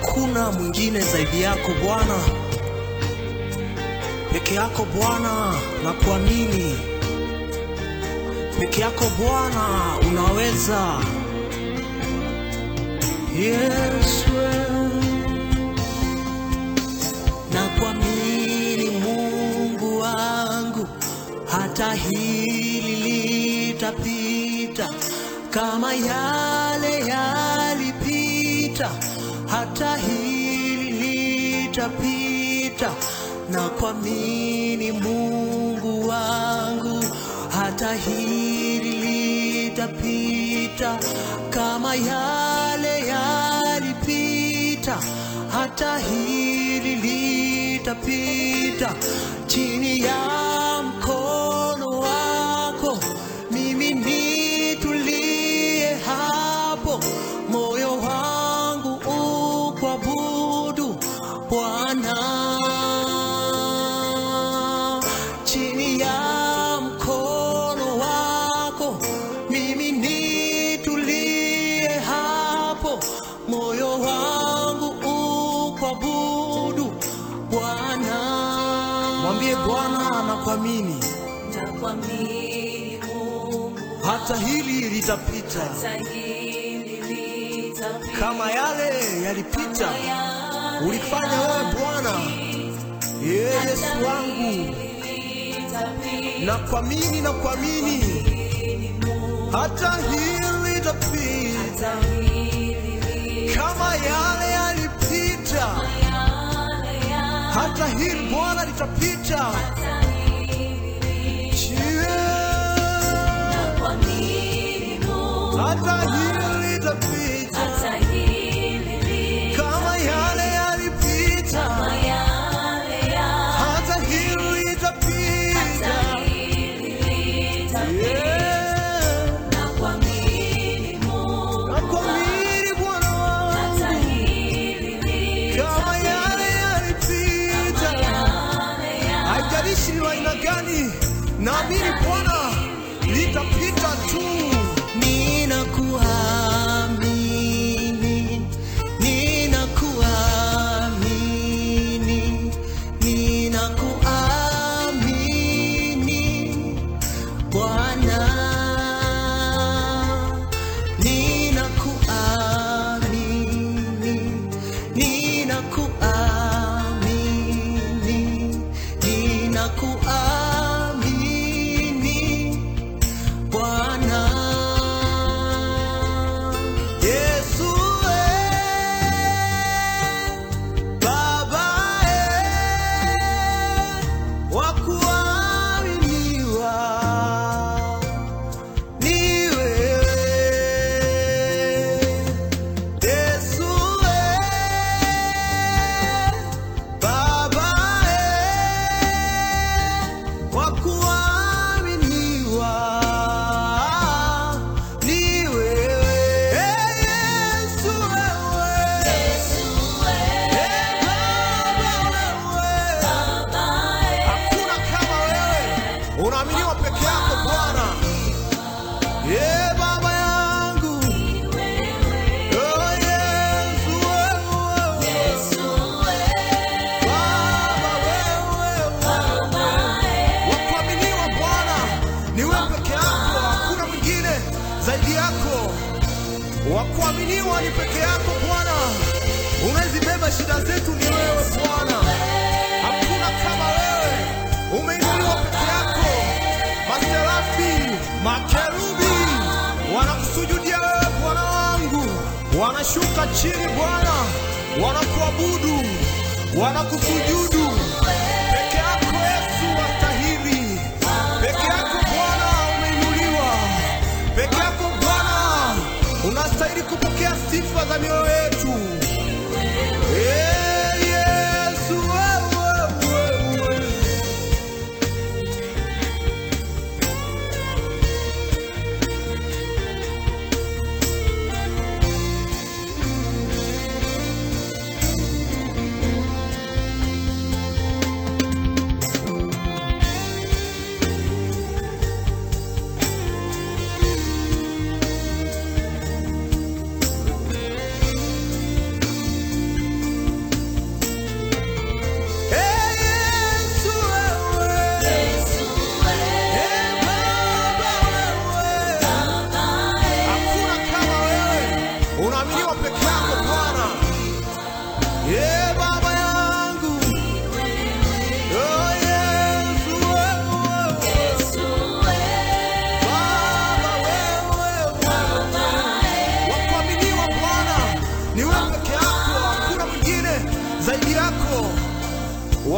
Hakuna mwingine zaidi yako Bwana, peke yako Bwana na kuamini peke yako Bwana unaweza. Yesu na kuamini Mungu wangu, hata hili litapita kama yale yalipita hata hili litapita, na kwamini Mungu wangu, hata hili litapita, kama yale yalipita, hata hili litapita chini ya Bwana anakuamini, hata hili litapita, kama yale yalipita ulifanya wewe Bwana. ye Yesu wangu, nakuamini, nakuamini, hata hili litapita Pizza. shida zetu ni wewe Bwana, hakuna kama wewe. Umeinuliwa peke yako, maserafi makerubi wanakusujudia wewe Bwana wangu, wanashuka chini Bwana, wanakuabudu, wanakusujudu.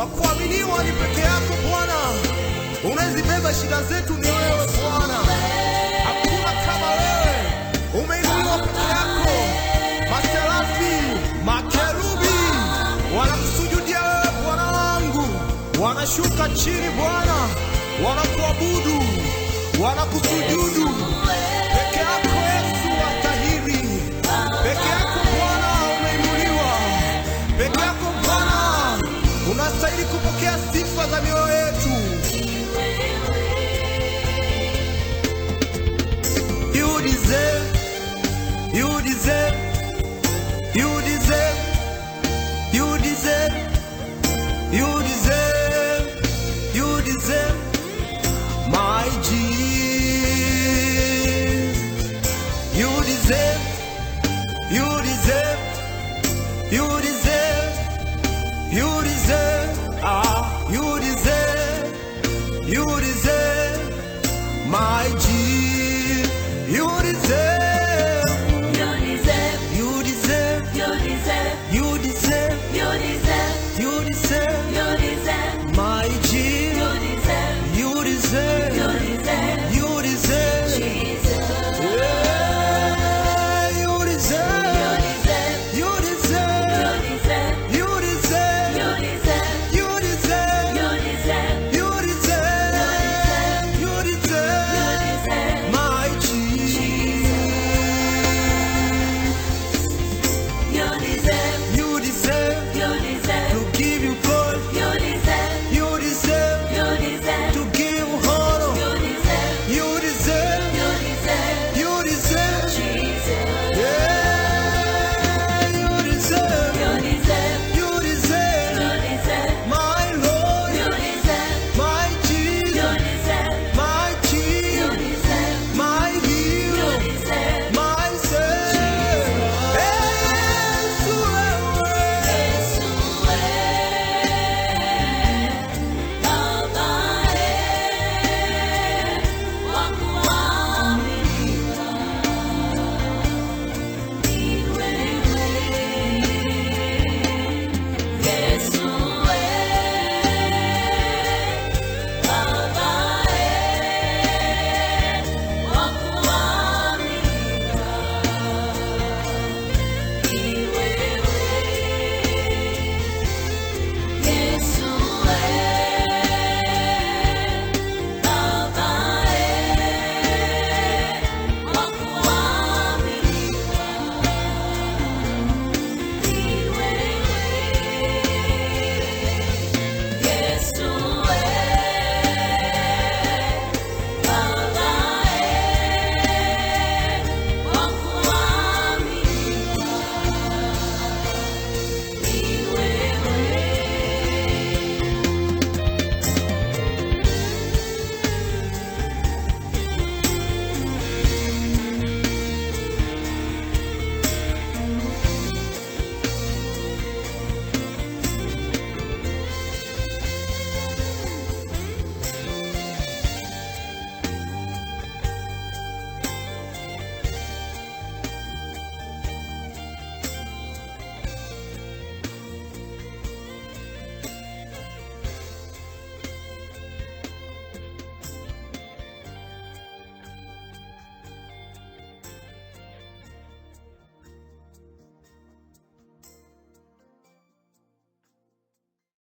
wakuaminiwa ni peke yako Bwana, unazibeba shida zetu ni wewe Bwana, hakuna kama wewe, umeinuliwa peke yako. Maserafi, makerubi wanakusujudia wewe Bwana wangu, wanashuka chini Bwana, wanakuabudu, wanakusujudu. porque é assim faz a meu eixo. E o dizer, e o dizer, e o dizer, e o dizer, e o dizer, e o dizer, mais diz. E o dizer, e o dizer, e o dizer, e o dizer. Ah, you deserve, you deserve my